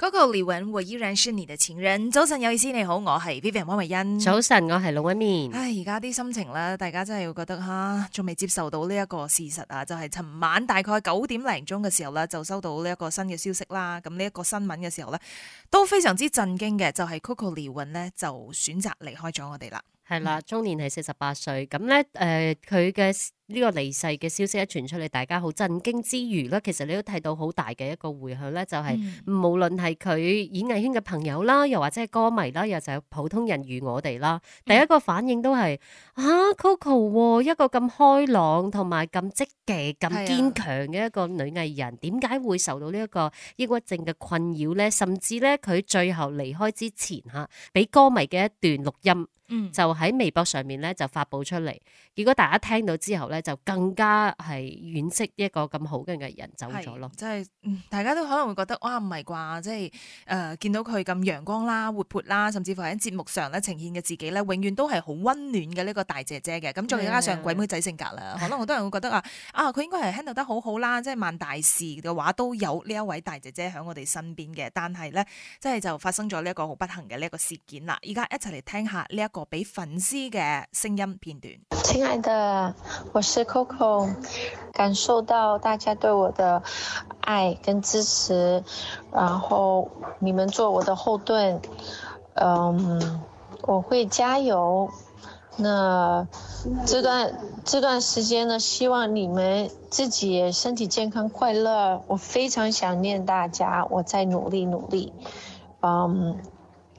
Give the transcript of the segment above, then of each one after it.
Coco 李玟，我依然是你的前人。早晨，有意思，你好，我係 Vivian 溫慧欣。早晨，我係龍威面。唉，而家啲心情啦，大家真係會覺得吓，仲未接受到呢一個事實啊，就係尋晚大概九點零鐘嘅時候啦，就收到呢一個新嘅消息啦。咁呢一個新聞嘅時候咧，都非常之震驚嘅，就係 Coco 李玟呢，就選擇離開咗我哋啦。係啦，嗯、中年係四十八歲咁咧，誒、呃，佢嘅呢個離世嘅消息一傳出嚟，大家好震驚之餘咧，其實你都睇到好大嘅一個回響咧、就是，就係、嗯、無論係佢演藝圈嘅朋友啦，又或者係歌迷啦，又或者普通人如我哋啦，嗯、第一個反應都係啊，Coco 啊一個咁開朗同埋咁積極、咁堅強嘅一個女藝人，點解的會受到呢一個抑鬱症嘅困擾咧？甚至咧，佢最後離開之前吓，俾歌迷嘅一段錄音。就喺微博上面咧就發佈出嚟，如果大家聽到之後咧就更加係惋惜一個咁好嘅人走咗咯。即係、就是嗯、大家都可能會覺得哇，唔係啩，即係誒、呃、見到佢咁陽光啦、活潑啦，甚至乎喺節目上咧呈現嘅自己咧，永遠都係好溫暖嘅呢個大姐姐嘅。咁再加上鬼妹仔性格啦，的可能好多人會覺得啊啊佢應該係 handle 得好好啦，即係萬大事嘅話都有呢一位大姐姐響我哋身邊嘅。但係咧即係就發生咗呢一個好不幸嘅呢一個事件啦。而家一齊嚟聽下呢、這、一個。俾粉絲嘅聲音片段。親愛的，我是 Coco，感受到大家對我的愛跟支持，然後你們做我的後盾，嗯，我會加油。那這段這段時間呢，希望你們自己身體健康快樂。我非常想念大家，我再努力努力，嗯。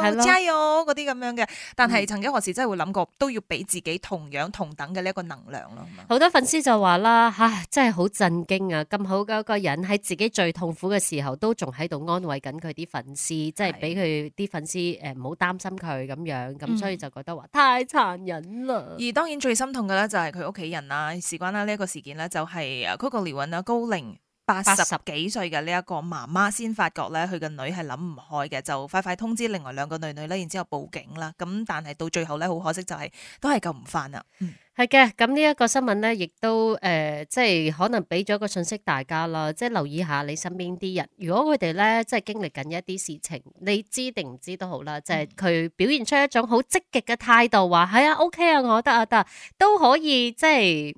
係咯，加油，嗰啲咁樣嘅，但係曾經何時真係會諗過，都要俾自己同樣同等嘅呢一個能量咯。好多粉絲就話啦，唉，真係好震驚啊！咁好嘅一個人喺自己最痛苦嘅時候，都仲喺度安慰緊佢啲粉絲，即係俾佢啲粉絲誒唔好擔心佢咁樣，咁的所以就覺得話太殘忍啦，嗯。而當然最心痛嘅咧，就係佢屋企人啦。事關啦呢一個事件咧，就係啊，Coco 李玟啊，高凌。八十幾歲嘅呢一個媽媽先發覺咧，佢個女係諗唔開嘅，就快快通知另外兩個女女，咧，然之後報警啦。咁但係到最後咧，好可惜就係、是、都係救唔翻啦。嗯，係嘅。咁呢一個新聞咧，亦都誒、呃，即係可能俾咗一個信息大家啦，即係留意下你身邊啲人，如果佢哋咧即係經歷緊一啲事情，你知定唔知都好啦，嗯、就係佢表現出一種好積極嘅態度，話係啊，OK 啊，我得啊得，都可以即係。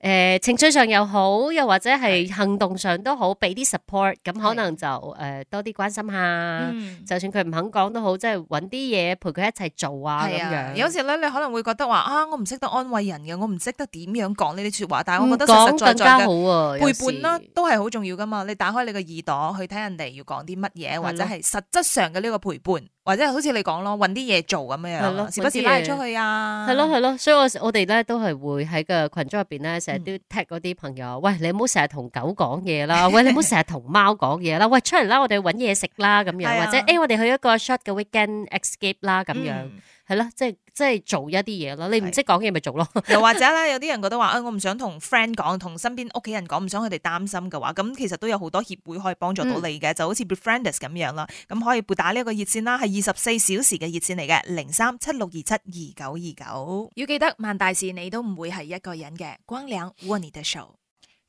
誒、呃，情緒上又好，又或者係行動上都好，俾啲 support，咁可能就誒是、呃、多啲關心下。嗯、就算佢唔肯講都好，即係揾啲嘢陪佢一齊做啊。係啊，樣有時咧，你可能會覺得話啊，我唔識得安慰人嘅，我唔識得點樣講呢啲說話，但係我覺得實實在在，在、嗯啊、陪伴啦，都係好重要噶嘛。你打開你個耳朵去睇人哋要講啲乜嘢，的或者係實質上嘅呢個陪伴。或者好似你講咯，搵啲嘢做咁樣，係咯，時不時拉你出去啊。係咯，係咯，所以我我哋咧都係會喺個群組入邊咧成日都 tag 嗰啲朋友，嗯、喂你唔好成日同狗講嘢 啦，喂你唔好成日同貓講嘢啦，喂出嚟啦，我哋去搵嘢食啦咁樣，或者誒我哋去一個 short 嘅 weekend escape 啦咁樣。嗯係啦，即係即係做一啲嘢啦。你唔識講嘢咪做咯對。 又或者咧，有啲人覺得話，誒，我唔想同 friend 講，同身邊屋企人講，唔想佢哋擔心嘅話，咁其實都有好多協會可以幫助到你嘅，嗯、就好似 Befrienders 咁樣啦。咁可以撥打呢一個熱線啦，係二十四小時嘅熱線嚟嘅，零三七六二七二九二九。29 29要記得，萬大事你都唔會係一個人嘅，光良。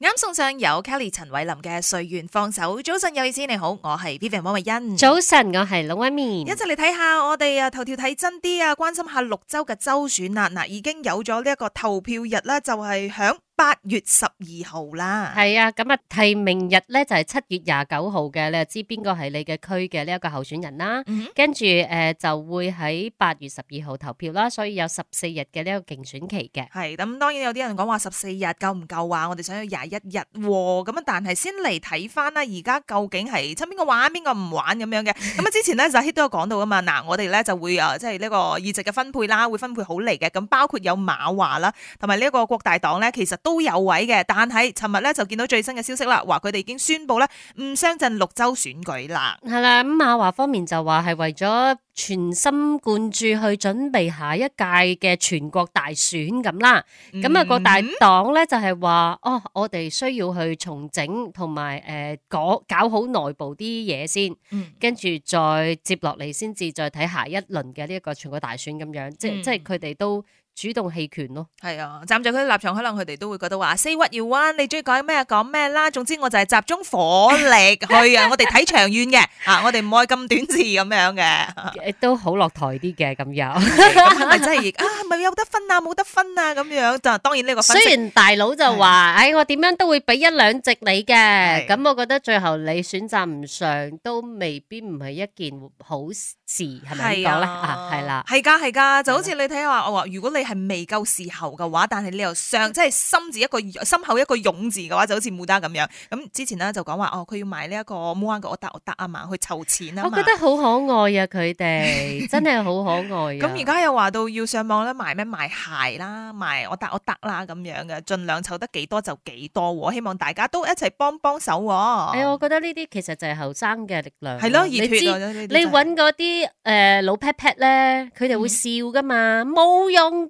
啱送上由 Kelly 陳偉林嘅隨緣放手，早晨有意思。你好，我係 Vivian 汪慧欣，早晨，我係老 Amy，一齊嚟睇下我哋啊頭條睇真啲啊，關心下綠洲嘅州選啊，嗱、嗯、已經有咗呢一個投票日咧，就係、是、響。八月十二號啦，係啊，咁啊提名日咧就係、是、七月廿九號嘅，你就知邊個係你嘅區嘅呢一個候選人啦。跟住誒就會喺八月十二號投票啦，所以有十四日嘅呢個競選期嘅。係，咁當然有啲人講話十四日夠唔夠啊？我哋想要廿一日，咁啊，但係先嚟睇翻啦，而家究竟係出邊個玩邊個唔玩咁樣嘅。咁啊，之前咧就 Zahid 都有講到噶嘛，嗱，我哋咧就會誒即係呢個議席嘅分配啦，會分配好嚟嘅。咁包括有馬華啦，同埋呢一個國大黨咧，其實都。都有位嘅，但係尋日咧就見到最新嘅消息啦，話佢哋已經宣布咧唔上陣六州選舉啦。係啦，咁馬華方面就話係為咗全心貫注去準備下一屆嘅全國大選咁啦。咁啊，國大黨咧就係話、嗯、哦，我哋需要去重整同埋誒，搞好內部啲嘢先，跟住、嗯、再接落嚟先至再睇下一輪嘅呢一個全國大選咁樣，即係、嗯、即係佢哋都。主動棄權咯，係啊！站在佢立場，可能佢哋都會覺得話：say what you want，你中意講咩講咩啦。總之我就係集中火力去啊！我哋睇長遠嘅啊，我哋唔愛咁短視咁樣嘅，亦都好落台啲嘅咁又，咁係咪真係啊？係咪有得分啊？冇得分啊？咁樣就當然呢個。雖然大佬就話，哎，我點樣都會俾一兩隻你嘅。咁我覺得最後你選擇唔上都未必唔係一件好事，係咪咁係啦，係㗎，係㗎，就好似你睇下我話，如果你係未夠時候嘅話，但係你又上即係心字一個心口一個勇字嘅話，就好似牡丹咁樣。咁之前咧就講話哦，佢要賣呢一個冇玩過我得我得阿嘛」去湊錢啊。我覺得好可愛啊，佢哋 真係好可愛、啊。咁而家又話到要上網咧賣咩賣鞋啦，賣我得我得啦咁樣嘅，盡量湊得幾多就幾多、啊。希望大家都一齊幫幫手喎。係啊、哎，我覺得呢啲其實就係後生嘅力量、啊。係咯，你知、就是、你搵嗰啲誒老 pat pat 咧，佢哋會笑噶嘛，冇用。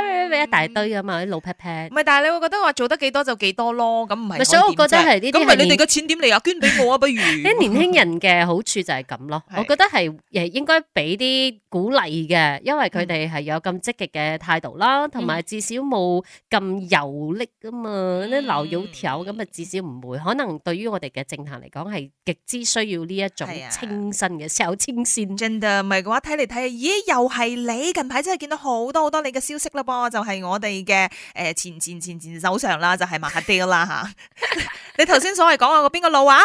俾、嗯、一大堆啊嘛啲老 pat pat 唔係，但係你會覺得話做得幾多就幾多咯，咁唔係，所以我覺得係呢啲係咁，係你哋嘅錢點嚟啊？捐俾我啊不如？啲 年輕人嘅好處就係咁咯，的我覺得係誒應該俾啲鼓勵嘅，因為佢哋係有咁積極嘅態度啦，同埋至少冇咁油膩啊嘛，啲流要挑咁啊，嗯、至少唔會。可能對於我哋嘅政壇嚟講係極之需要呢一種清新嘅的小清新。真 i 唔係嘅話睇嚟睇啊，咦又係你？近排真係見到好多好多，多你嘅消息啦噃。就係我哋嘅誒前前前前首相爹啦，就係馬哈迪啦吓。你頭先所謂講啊個邊個路啊？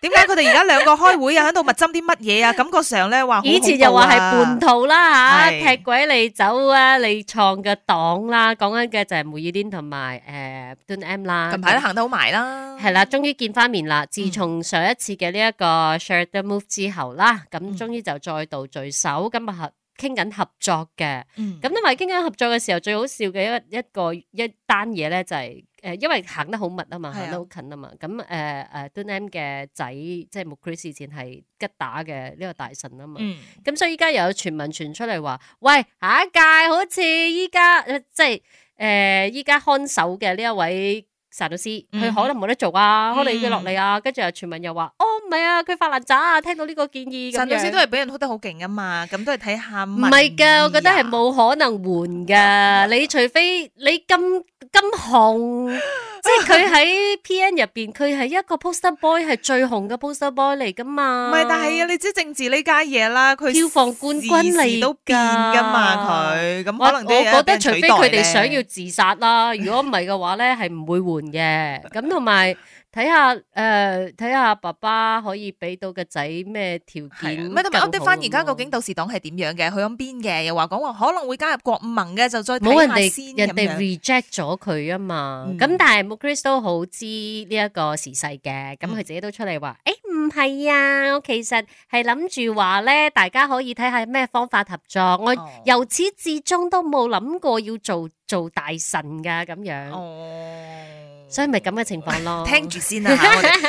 點解佢哋而家兩個開會啊，喺度密針啲乜嘢啊？感覺上咧話、啊、以前就話係叛徒啦吓，是踢鬼你走啊，你創嘅黨啦。講緊嘅就係梅爾丁同埋誒杜恩 M 啦。近排都行得好埋啦，係啦，終於見翻面啦。嗯、自從上一次嘅呢一個 Sheraton Move 之後啦，咁終於就再度聚首。今日、嗯傾緊合作嘅，咁咧咪傾緊合作嘅時候，最好笑嘅一一個一單嘢咧就係、是，誒、呃，因為行得好密啊嘛，行、啊、得好近啊嘛，咁誒誒敦馬嘅仔即係穆奎斯前係吉打嘅呢個大臣啊嘛，咁、呃嗯、所以依家又有傳聞傳出嚟話，嗯、喂，下一屆好似依家即係誒依家看守嘅呢一位。陳老師，佢可能冇得做啊，我哋要佢落嚟啊。跟住、哦、啊，傳聞又話，哦唔係啊，佢發爛渣啊，聽到呢個建議。陳老師都係俾人拖得好勁啊嘛，咁都係睇下。唔係噶，我覺得係冇可能換噶， 你除非你咁咁紅。 即係佢喺 P N 入邊，佢係一個 poster boy，係 最紅嘅 poster boy 嚟噶嘛。唔係，但係啊，你知政治呢家嘢啦，佢票房冠軍嚟都變噶嘛佢。咁可能有人取代。我 我覺得除非佢哋想要自殺啦，如果唔係嘅話咧，係唔會換嘅。咁同埋。睇下，誒、呃、睇下爸爸可以俾到個仔咩條件？唔係、啊，但我哋翻而家究竟到時黨係點樣嘅？去響邊嘅？又話講話可能會加入國盟嘅，就再睇下冇人哋人哋 reject 咗佢啊嘛。咁、嗯、但係 Mo Chris 都好知呢一個時勢嘅。咁佢自己都出嚟話，誒唔係啊，我其實係諗住話咧，大家可以睇下咩方法合作。我由始至終都冇諗過要做做大神噶咁樣。嗯。所以咪咁嘅情況咯，聽住先啦。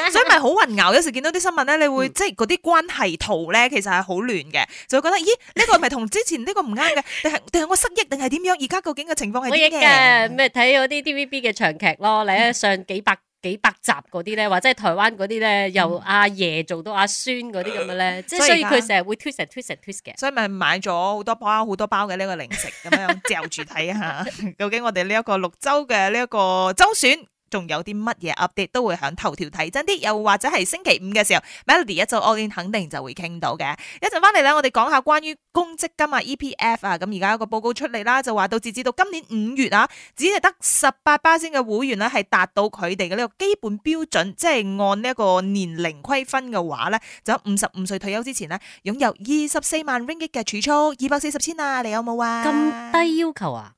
所以咪好混淆，有時見到啲新聞咧，你會即係嗰啲關係圖咧，其實係好亂嘅，就會覺得咦呢個唔係同之前呢個唔啱嘅，定係定係我失憶定係點樣？而家究竟嘅情況係咩嘅？咩睇嗰啲 TVB 嘅長劇咯，你一上幾百幾百集嗰啲咧，或者係台灣嗰啲咧，由阿爺做到阿孫嗰啲咁嘅咧，即係所以佢成日會 twist and twist and twist 嘅。所以咪買咗好多包好多包嘅呢個零食咁樣嚼住睇下，究竟我哋呢一個六州嘅呢一個州選。仲有啲乜嘢 update 都會響頭條睇真啲，又或者係星期五嘅時候，Melody 一早我哋肯定就會傾到嘅。一陣翻嚟咧，我哋講下關於公積金啊、EPF 啊，咁而家有個報告出嚟啦，就話到截止到今年五月啊，只係得十八巴仙嘅會員咧係達到佢哋嘅呢個基本標準，即係按呢一個年齡規分嘅話咧，就五十五歲退休之前咧，擁有二十四萬 Ringgit 嘅儲蓄，二百四十千啊，你有冇啊？咁低要求啊？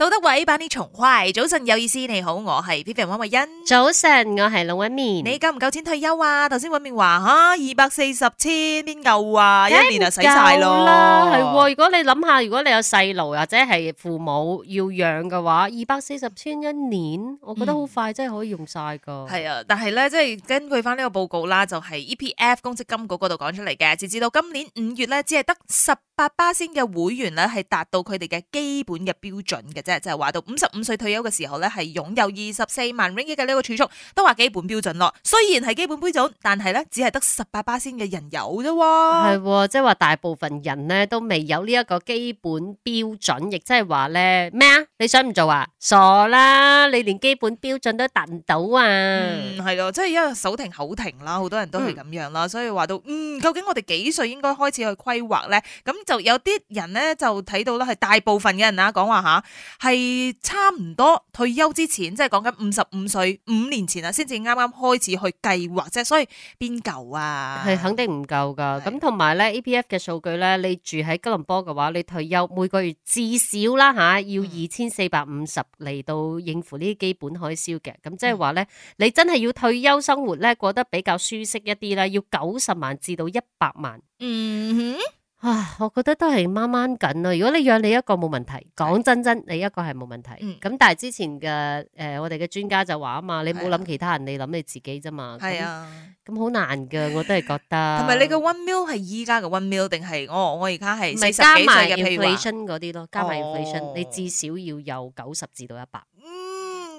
杜德偉版啲重快，早晨有意思，你好，我係 P P R 汪慧欣。早晨，我係龍一念。你夠唔夠錢退休啊？頭先汪慧欣話嗬，二百四十千邊夠啊？240, 000，嗯、一年就使晒咯。係、哦，如果你諗下，如果你有細路或者係父母要養嘅話，二百四十千一年，我覺得好快真係可以用晒噶。係、嗯、啊，但係咧，即係根據翻呢個報告啦，就係、是、E P F 公積金嗰度講出嚟嘅，截至到今年五月咧，只係得十。八巴仙嘅會員咧，係達到佢哋嘅基本嘅標準嘅啫，就係、是、話到五十五歲退休嘅時候咧，係擁有二十四萬 ringgit 嘅呢個儲蓄，都話基本標準咯。雖然係基本標準，但係咧，只係得十八巴仙嘅人有啫。係即係話大部分人咧都未有呢一個基本標準，亦即係話咧咩啊？你想唔做啊？傻啦！你連基本標準都達唔到啊！嗯，係咯、哦，即係因為手停口停啦，好多人都係咁樣啦，嗯、所以話到嗯，究竟我哋幾歲應該開始去規劃咧？咁有啲人咧，就睇到啦，係大部分嘅人啦、啊。講話吓係差唔多退休之前，即係講緊五十五歲五年前啊，先至啱啱開始去計劃啫，所以邊夠啊？係肯定唔夠噶。咁同埋咧，APF 嘅數據咧，你住喺吉隆坡嘅話，你退休每個月至少啦吓，要二千四百五十嚟到應付呢啲基本開銷嘅。咁即係話咧，嗯、你真係要退休生活咧過得比較舒適一啲啦，要九十萬至到一百萬。嗯哼。啊，我覺得都係掹掹緊咯、啊。如果你養你一個冇問題，講真真是的 你一個係冇問題。咁、嗯、但係之前嘅誒、呃，我哋嘅專家就話啊嘛，你冇諗其他人，你諗你自己啫嘛。係啊，咁好難噶，我都係覺得。同埋你嘅 one mil 係依家嘅 one mil 定係我我而家係四十幾歲嘅 inflation 嗰啲咯，加埋 inflation、哦、你至少要有九十至到一百。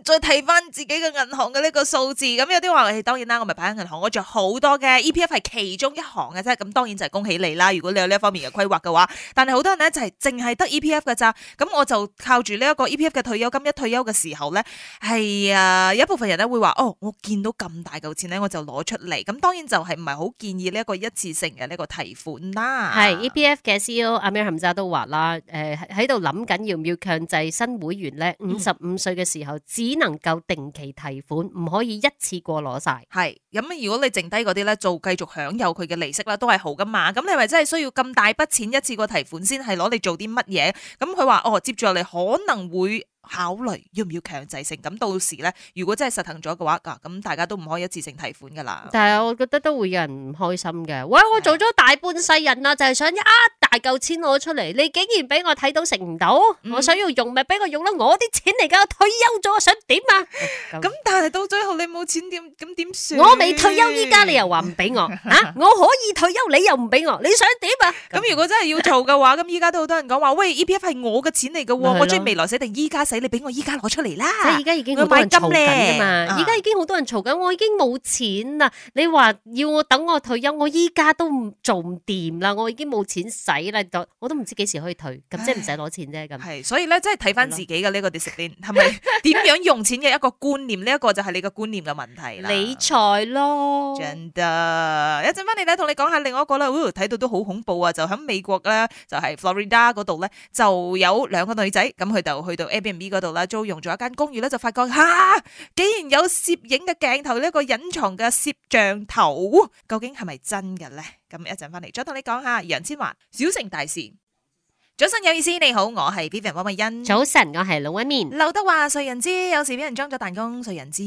再睇翻自己嘅銀行嘅呢個數字，咁有啲話嚟，當然啦，我咪擺喺銀行，我仲有好多嘅 E P F 係其中一行嘅啫，咁當然就係恭喜你啦！如果你有呢一方面嘅規劃嘅話，但係好多人咧就係、是、淨係得 E P F 嘅咋，咁我就靠住呢一個 E P F 嘅退休金一退休嘅時候咧，係啊，有一部分人咧會話哦，我見到咁大嚿錢咧，我就攞出嚟，咁當然就係唔係好建議呢一個一次性嘅呢個提款啦。係 E P F 嘅 C E O 阿咩冚渣都話啦，誒喺度諗緊要唔要強制新會員咧五十五歲嘅時候、嗯只能夠定期提款，唔可以一次過攞晒。係咁，如果你剩低嗰啲咧，做繼續享有佢嘅利息啦，都係好噶嘛。咁你咪真係需要咁大筆錢一次過提款先係攞你做啲乜嘢？咁佢話哦，接住落嚟可能會。考慮要唔要強制性咁，到時咧，如果真係實行咗嘅話，咁大家都唔可以一次性提款噶啦。但係我覺得都會有人唔開心嘅。喂，我做咗大半世人啊，就係想一大嚿錢攞出嚟，你竟然俾我睇到食唔到？我想要用咪俾我用啦，我啲錢嚟噶，退休咗想點啊？咁但係到最後你冇錢點？咁點算？我未退休，依家你又話唔俾我啊？我可以退休，你又唔俾我，你想點啊？咁如果真係要做嘅話，咁依家都好多人講話，喂，E P F 係我嘅錢嚟噶，我中意未來寫定，依家。仔，你俾我依家攞出嚟啦！即係依家已經好多人嘈緊噶嘛，而家、嗯、已經好多人嘈緊，我已經冇錢啦。你話要我等我退休，我依家都唔做唔掂啦，我已經冇錢使啦，我都唔知幾時可以退，咁唉即係唔使攞錢啫。咁係，所以咧，即係睇翻自己嘅呢對吧 個 decision，係咪點樣用錢嘅一個觀念？呢說說一個就係你個觀念嘅問題啦。理財咯，一陣翻嚟咧，同你講下另外一個啦。睇到都好恐怖啊！就喺美國咧，就係、是、Florida 嗰度咧，就有兩個女仔，咁佢就去到 Airbnb 呢度啦，租用咗一間公寓咧，就發覺吓、啊，竟然有攝影嘅鏡頭，呢個隱藏嘅攝像頭，究竟係咪真嘅咧？咁一陣翻嚟再同你講下楊千嬅小城大事。早晨有意思，你好，我係 Bian 汪慧欣。早晨，我係老一面。劉德華，誰人知？有時俾人裝咗彈弓，誰人知？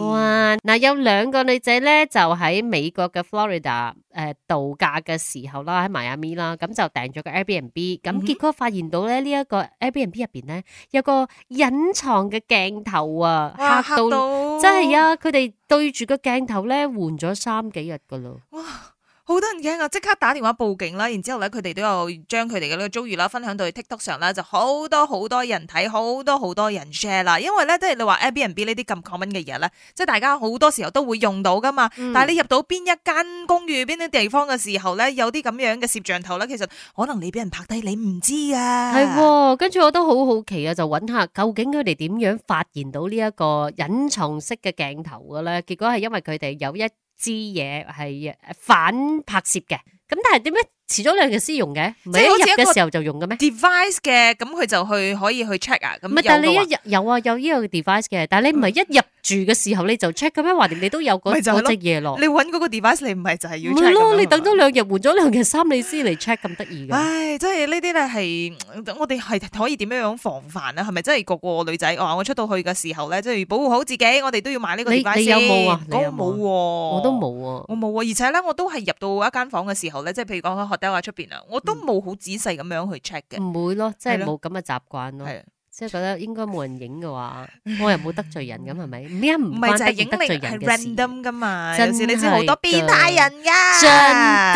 哇！嗱，有兩個女仔咧，就喺美國嘅 Florida 誒、呃、度假嘅時候 iami, 啦，喺邁阿密啦，咁就訂咗個 Airbnb，咁、嗯、哼結果發現到咧呢一、這個 Airbnb 入邊咧有個隱藏嘅鏡頭啊，嚇到，嚇到真係啊！佢哋對住個鏡頭咧，換咗三幾日噶咯。哇好多人驚啊！即刻打電話報警啦，然之後咧，佢哋都有將佢哋嘅呢個遭遇啦，分享到 TikTok 上啦，就好多好多人睇，好多好多人 share 啦。因為咧，即係你話 Airbnb 呢啲咁 common 嘅嘢咧，即係大家好多時候都會用到噶嘛。嗯、但係你入到邊一間公寓、邊啲地方嘅時候咧，有啲咁樣嘅攝像頭咧，其實可能你俾人拍低，你唔知噶、啊。係，跟住我都好好奇啊，就揾下究竟佢哋點樣發現到呢一個隱藏式嘅鏡頭嘅咧？結果係因為佢哋有一。支嘢係誒反拍攝嘅，咁但係點咧？遲咗兩日先用嘅，未入嘅時候就用嘅咩？device 嘅，咁佢就去可以去 check 啊，咁。但係你一入，嗯、有啊，有呢個 device 嘅，但係你唔係一入住嘅時候你就 check 咁樣？話你你都有，那個嗰隻嘢咯。你揾嗰個 device 你唔係就係要。check 咯，你等咗兩日換咗兩日三日先嚟 check 咁得意嘅。唉，即係呢啲咧係我哋係可以點樣防範啊？係咪即係個個女仔？我話我出到去嘅時候咧，即係保護好自己，我哋都要買呢個 device 你。你有冇啊？有有我冇，啊，我都冇啊，我冇啊，而且咧，我都係入到一間房嘅時候咧，即係譬如講。或者話出邊啊，我都冇好仔細咁樣去 check 嘅，唔會咯，即係冇咁嘅習慣咯，即係覺得應該冇人影嘅話，我又冇得罪人咁係咪？而家唔係就影得罪人嘅事噶嘛，陣時你知好多變態人噶，真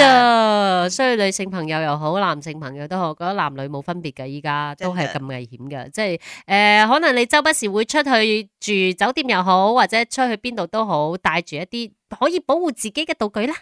噶，所以女性朋友又好，男性朋友都好，覺得男女冇分別噶，依家都係咁危險嘅，即係誒，可能你周不時會出去住酒店又好，或者出去邊度都好，帶住一啲可以保護自己嘅道具啦。